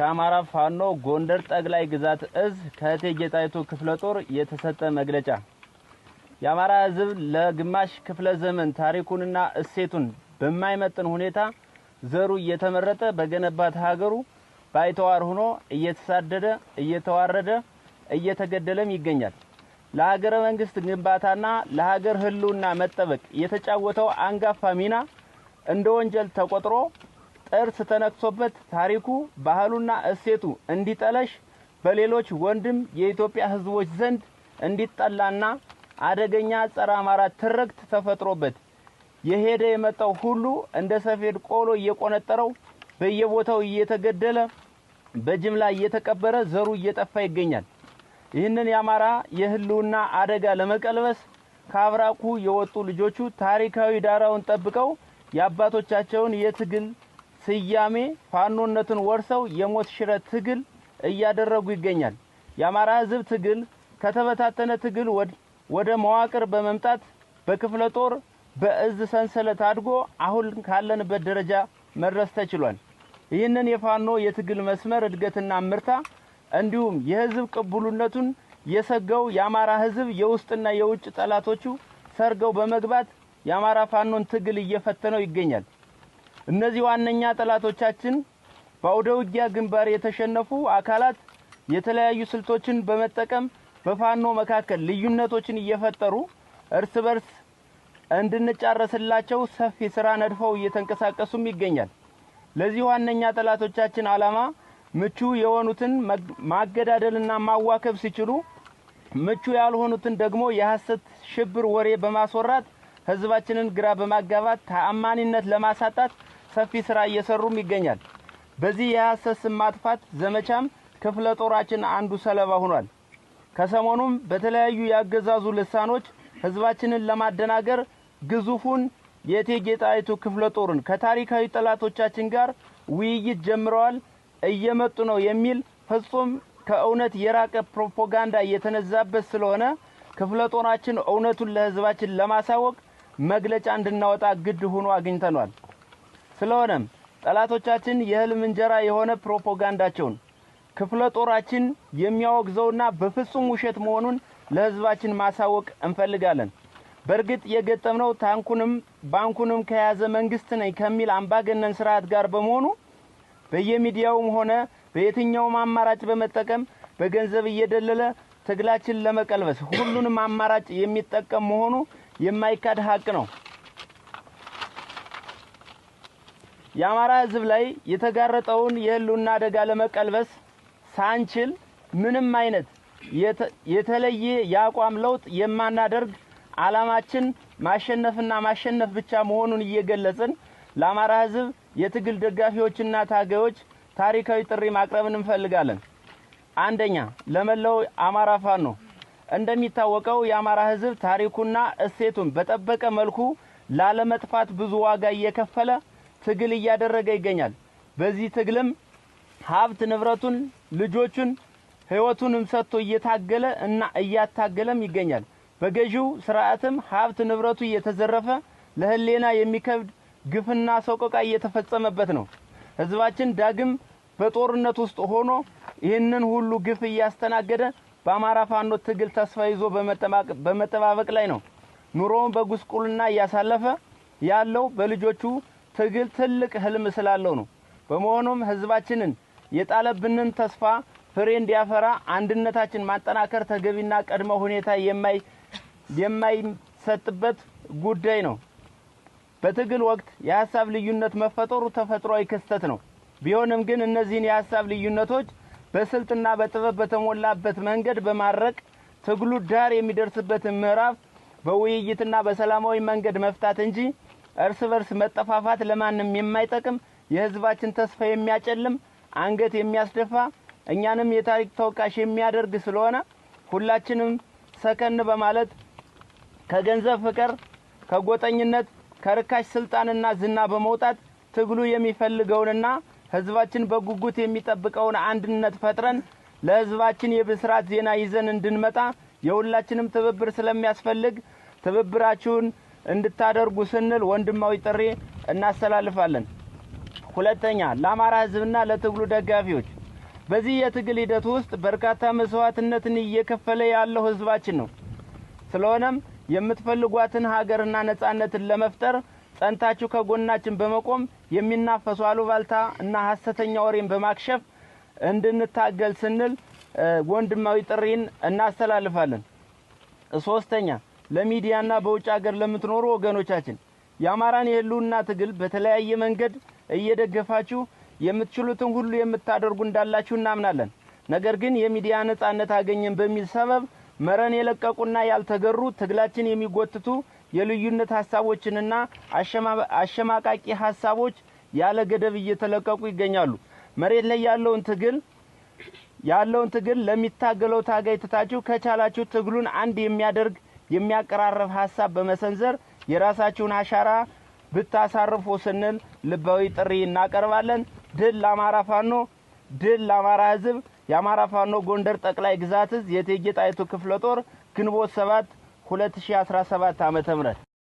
ከአማራ ፋኖ ጎንደር ጠቅላይ ግዛት እዝ ከእቴጌ ጣይቱ ክፍለ ጦር የተሰጠ መግለጫ የአማራ ሕዝብ ለግማሽ ክፍለ ዘመን ታሪኩንና እሴቱን በማይመጥን ሁኔታ ዘሩ እየተመረጠ በገነባት ሀገሩ ባይተዋር ሆኖ እየተሳደደ፣ እየተዋረደ፣ እየተገደለም ይገኛል። ለሀገረ መንግስት ግንባታና ለሀገር ህልውና መጠበቅ የተጫወተው አንጋፋ ሚና እንደ ወንጀል ተቆጥሮ ጥርስ ተነክሶበት ታሪኩ፣ ባህሉና እሴቱ እንዲጠለሽ በሌሎች ወንድም የኢትዮጵያ ሕዝቦች ዘንድ እንዲጠላና አደገኛ ጸረ አማራ ትርክት ተፈጥሮበት የሄደ የመጣው ሁሉ እንደ ሰፌድ ቆሎ እየቆነጠረው በየቦታው እየተገደለ በጅምላ እየተቀበረ ዘሩ እየጠፋ ይገኛል። ይህንን የአማራ የህልውና አደጋ ለመቀልበስ ከአብራኩ የወጡ ልጆቹ ታሪካዊ ዳራውን ጠብቀው የአባቶቻቸውን የትግል ስያሜ ፋኖነትን ወርሰው የሞት ሽረ ትግል እያደረጉ ይገኛል። የአማራ ህዝብ ትግል ከተበታተነ ትግል ወደ መዋቅር በመምጣት በክፍለ ጦር በእዝ ሰንሰለት አድጎ አሁን ካለንበት ደረጃ መድረስ ተችሏል። ይህንን የፋኖ የትግል መስመር እድገትና ምርታ እንዲሁም የህዝብ ቅቡልነቱን የሰገው የአማራ ህዝብ የውስጥና የውጭ ጠላቶቹ ሰርገው በመግባት የአማራ ፋኖን ትግል እየፈተነው ይገኛል። እነዚህ ዋነኛ ጠላቶቻችን በአውደ ውጊያ ግንባር የተሸነፉ አካላት የተለያዩ ስልቶችን በመጠቀም በፋኖ መካከል ልዩነቶችን እየፈጠሩ እርስ በርስ እንድንጫረስላቸው ሰፊ ስራ ነድፈው እየተንቀሳቀሱም ይገኛል። ለዚህ ዋነኛ ጠላቶቻችን አላማ ምቹ የሆኑትን ማገዳደልና ማዋከብ ሲችሉ ምቹ ያልሆኑትን ደግሞ የሐሰት ሽብር ወሬ በማስወራት ህዝባችንን ግራ በማጋባት ተአማኒነት ለማሳጣት ሰፊ ስራ እየሰሩም ይገኛል። በዚህ የሐሰት ስም ማጥፋት ዘመቻም ክፍለ ጦራችን አንዱ ሰለባ ሆኗል። ከሰሞኑም በተለያዩ ያገዛዙ ልሳኖች ህዝባችንን ለማደናገር ግዙፉን የእቴጌ ጣይቱ ክፍለ ጦርን ከታሪካዊ ጠላቶቻችን ጋር ውይይት ጀምረዋል፣ እየመጡ ነው የሚል ፍጹም ከእውነት የራቀ ፕሮፓጋንዳ እየተነዛበት ስለሆነ ክፍለ ጦራችን እውነቱን ለህዝባችን ለማሳወቅ መግለጫ እንድናወጣ ግድ ሆኖ አግኝተኗል። ስለሆነም ጠላቶቻችን የህልም እንጀራ የሆነ ፕሮፓጋንዳቸውን ክፍለ ጦራችን የሚያወግዘውና በፍጹም ውሸት መሆኑን ለህዝባችን ማሳወቅ እንፈልጋለን። በእርግጥ የገጠምነው ታንኩንም ባንኩንም ከያዘ መንግስት ነኝ ከሚል አምባገነን ስርዓት ጋር በመሆኑ በየሚዲያውም ሆነ በየትኛውም አማራጭ በመጠቀም በገንዘብ እየደለለ ትግላችን ለመቀልበስ ሁሉንም አማራጭ የሚጠቀም መሆኑ የማይካድ ሀቅ ነው። የአማራ ህዝብ ላይ የተጋረጠውን የህልውና አደጋ ለመቀልበስ ሳንችል ምንም አይነት የተለየ የአቋም ለውጥ የማናደርግ አላማችን ማሸነፍና ማሸነፍ ብቻ መሆኑን እየገለጽን ለአማራ ህዝብ የትግል ደጋፊዎችና ታጋዮች ታሪካዊ ጥሪ ማቅረብን እንፈልጋለን። አንደኛ፣ ለመላው አማራ ፋኖ እንደሚታወቀው የአማራ ህዝብ ታሪኩና እሴቱን በጠበቀ መልኩ ላለመጥፋት ብዙ ዋጋ እየከፈለ ትግል እያደረገ ይገኛል። በዚህ ትግልም ሀብት ንብረቱን፣ ልጆቹን፣ ህይወቱንም ሰጥቶ እየታገለ እና እያታገለም ይገኛል። በገዢው ስርዓትም ሀብት ንብረቱ እየተዘረፈ ለህሌና የሚከብድ ግፍና ሰቆቃ እየተፈጸመበት ነው። ህዝባችን ዳግም በጦርነት ውስጥ ሆኖ ይህንን ሁሉ ግፍ እያስተናገደ በአማራ ፋኖ ትግል ተስፋ ይዞ በመጠባበቅ ላይ ነው። ኑሮውን በጉስቁልና እያሳለፈ ያለው በልጆቹ ትግል ትልቅ ህልም ስላለው ነው። በመሆኑም ህዝባችንን የጣለብንን ተስፋ ፍሬ እንዲያፈራ አንድነታችን ማጠናከር ተገቢና ቅድመ ሁኔታ የማይሰጥበት ጉዳይ ነው። በትግል ወቅት የሀሳብ ልዩነት መፈጠሩ ተፈጥሯዊ ክስተት ነው። ቢሆንም ግን እነዚህን የሀሳብ ልዩነቶች በስልትና በጥበብ በተሞላበት መንገድ በማድረቅ ትግሉ ዳር የሚደርስበትን ምዕራፍ በውይይትና በሰላማዊ መንገድ መፍታት እንጂ እርስ በርስ መጠፋፋት ለማንም የማይጠቅም የህዝባችን ተስፋ የሚያጨልም አንገት የሚያስደፋ እኛንም የታሪክ ተወቃሽ የሚያደርግ ስለሆነ ሁላችንም ሰከን በማለት ከገንዘብ ፍቅር፣ ከጎጠኝነት፣ ከርካሽ ስልጣንና ዝና በመውጣት ትግሉ የሚፈልገውንና ህዝባችን በጉጉት የሚጠብቀውን አንድነት ፈጥረን ለህዝባችን የብስራት ዜና ይዘን እንድንመጣ የሁላችንም ትብብር ስለሚያስፈልግ ትብብራችሁን እንድታደርጉ ስንል ወንድማዊ ጥሪ እናስተላልፋለን። ሁለተኛ ለአማራ ህዝብና ለትግሉ ደጋፊዎች በዚህ የትግል ሂደት ውስጥ በርካታ መስዋዕትነትን እየከፈለ ያለው ህዝባችን ነው። ስለሆነም የምትፈልጓትን ሀገርና ነጻነትን ለመፍጠር ጸንታችሁ ከጎናችን በመቆም የሚናፈሱ አሉባልታ እና ሀሰተኛ ወሬን በማክሸፍ እንድንታገል ስንል ወንድማዊ ጥሪን እናስተላልፋለን። ሶስተኛ ለሚዲያና በውጭ ሀገር ለምትኖሩ ወገኖቻችን የአማራን የህልውና ትግል በተለያየ መንገድ እየደገፋችሁ የምትችሉትን ሁሉ የምታደርጉ እንዳላችሁ እናምናለን። ነገር ግን የሚዲያ ነጻነት አገኘን በሚል ሰበብ መረን የለቀቁና ያልተገሩ ትግላችን የሚጎትቱ የልዩነት ሀሳቦችንና አሸማቃቂ ሀሳቦች ያለ ገደብ እየተለቀቁ ይገኛሉ። መሬት ላይ ያለውን ትግል ያለውን ትግል ለሚታገለው ታጋይ ትታችሁ ከቻላችሁ ትግሉን አንድ የሚያደርግ የሚያቀራረብ ሀሳብ በመሰንዘር የራሳችሁን አሻራ ብታሳርፉ ስንል ልባዊ ጥሪ እናቀርባለን። ድል ለአማራ ፋኖ፣ ድል ለአማራ ህዝብ። የአማራ ፋኖ ጎንደር ጠቅላይ ግዛት እዝ የእቴጌ ጣይቱ ክፍለ ጦር ግንቦት 7 2017 ዓ.ም